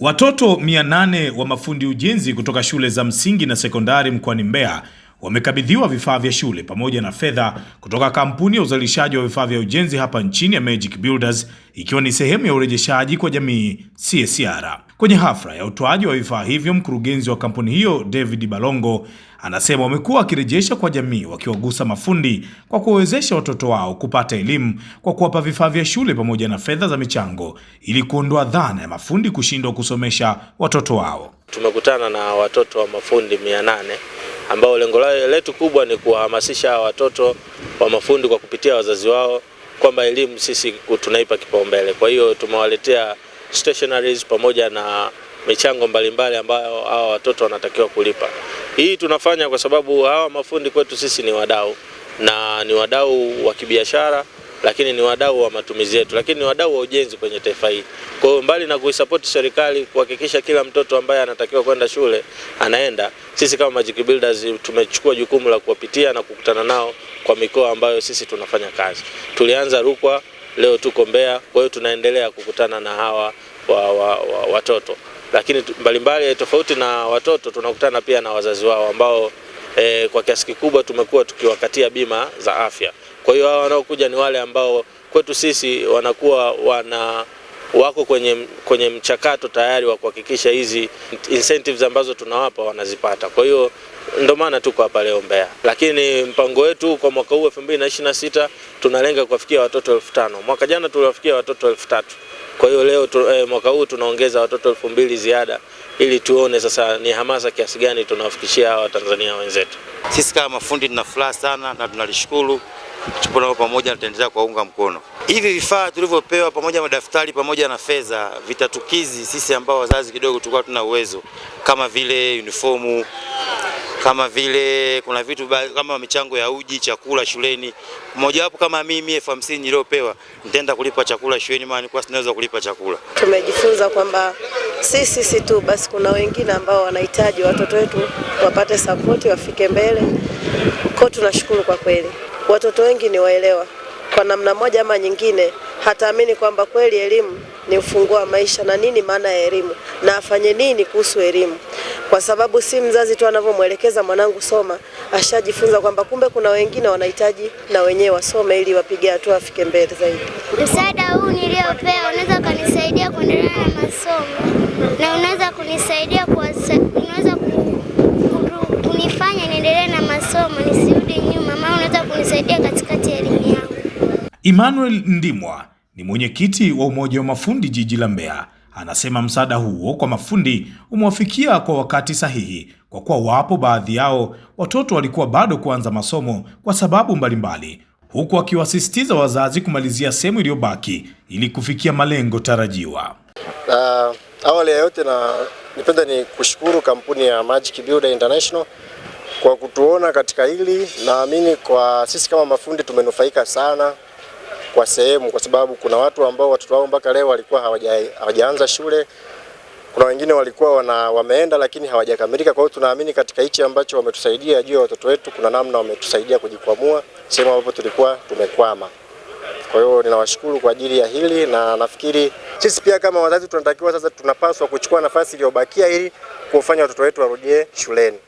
Watoto 800 wa mafundi ujenzi kutoka shule za msingi na sekondari mkoani Mbeya wamekabidhiwa vifaa vya shule pamoja na fedha kutoka kampuni ya uzalishaji wa vifaa vya ujenzi hapa nchini ya Magic Builders ikiwa ni sehemu ya urejeshaji kwa jamii CSR. Kwenye hafla ya utoaji wa vifaa hivyo, mkurugenzi wa kampuni hiyo David Balongo anasema wamekuwa wakirejesha kwa jamii wakiwagusa mafundi kwa kuwawezesha watoto wao kupata elimu kwa kuwapa vifaa vya shule pamoja na fedha za michango ili kuondoa dhana ya mafundi kushindwa kusomesha watoto wao. Tumekutana na watoto wa mafundi mia nane ambao lengo letu kubwa ni kuwahamasisha watoto wa mafundi kwa kupitia wazazi wao kwamba elimu sisi tunaipa kipaumbele. Kwa hiyo tumewaletea stationaries pamoja na michango mbalimbali ambayo hawa watoto wanatakiwa kulipa. Hii tunafanya kwa sababu hawa mafundi kwetu sisi ni wadau na ni wadau wa kibiashara lakini ni wadau wa matumizi yetu, lakini ni wadau wa ujenzi kwenye taifa hili. Kwa hiyo mbali na kuisapoti serikali kuhakikisha kila mtoto ambaye anatakiwa kwenda shule anaenda, sisi kama Magic Builders tumechukua jukumu la kuwapitia na kukutana nao kwa mikoa ambayo sisi tunafanya kazi. Tulianza Rukwa, leo tuko Mbeya, kwa hiyo tunaendelea kukutana na hawa wa, wa, wa, watoto lakini mbalimbali, tofauti na watoto, tunakutana pia na wazazi wao ambao eh, kwa kiasi kikubwa tumekuwa tukiwakatia bima za afya. Kwa hiyo hao wanaokuja ni wale ambao kwetu sisi wanakuwa wana wako kwenye, kwenye mchakato tayari wa kuhakikisha hizi incentives ambazo tunawapa wanazipata. Kwa hiyo ndio maana tuko hapa leo Mbeya, lakini mpango wetu kwa mwaka huu 2026 tunalenga kuwafikia watoto elfu tano. Mwaka jana tuliwafikia watoto elfu tatu. Kwa hiyo leo tu, eh, mwaka huu tunaongeza watoto elfu mbili ziada ili tuone sasa ni hamasa kiasi gani tunawafikishia hawa Watanzania wenzetu. Sisi kama mafundi tuna furaha sana na tunalishukuru tupo nao pamoja na tutaendelea kuwaunga mkono. Hivi vifaa tulivyopewa pamoja madaftari pamoja na fedha vitatukizi sisi ambao wazazi kidogo tulikuwa tuna uwezo kama vile uniformu kama vile kuna vitu kama michango ya uji, chakula shuleni. Mmoja wapo kama mimi elfu hamsini niliyopewa nitaenda kulipa chakula shuleni, maana nilikuwa sinaweza kulipa chakula. Tumejifunza kwamba si sisi tu basi, kuna wengine ambao wanahitaji watoto wetu wapate sapoti, wafike mbele ko. Tunashukuru kwa kweli, watoto wengi ni waelewa kwa namna moja ama nyingine hataamini kwamba kweli elimu ni ufunguo wa maisha na nini maana ya elimu na afanye nini kuhusu elimu, kwa sababu si mzazi tu anavyomwelekeza mwanangu soma, ashajifunza kwamba kumbe kuna wengine wanahitaji na wenyewe wasome ili wapige hatua, wafike mbele zaidi. Msaada huu niliopewa unaweza ukanisaidia kuendelea na masomo na unaweza kunisaidia kwa unaweza kunifanya niendelee na masomo nisirudi nyuma, maana unaweza kunisaidia katikati ya elimu yangu. Emmanuel Ndimwa ni mwenyekiti wa umoja wa mafundi jiji la Mbeya anasema msaada huo kwa mafundi umewafikia kwa wakati sahihi, kwa kuwa wapo baadhi yao watoto walikuwa bado kuanza masomo kwa sababu mbalimbali, huku akiwasisitiza wazazi kumalizia sehemu iliyobaki ili kufikia malengo tarajiwa. Uh, awali ya yote na nipenda ni kushukuru kampuni ya Magic Builder International kwa kutuona katika hili. Naamini kwa sisi kama mafundi tumenufaika sana kwa sehemu, kwa sababu kuna watu ambao watoto wao mpaka leo walikuwa hawajaanza shule, kuna wengine walikuwa wana, wameenda lakini hawajakamilika. Kwa hiyo tunaamini katika hichi ambacho wametusaidia juu ya watoto wetu, kuna namna wametusaidia kujikwamua sehemu ambapo tulikuwa tumekwama. Kwa hiyo ninawashukuru kwa ajili ya hili, na nafikiri sisi pia kama wazazi tunatakiwa sasa, tunapaswa kuchukua nafasi iliyobakia ili kufanya watoto wetu warudie shuleni.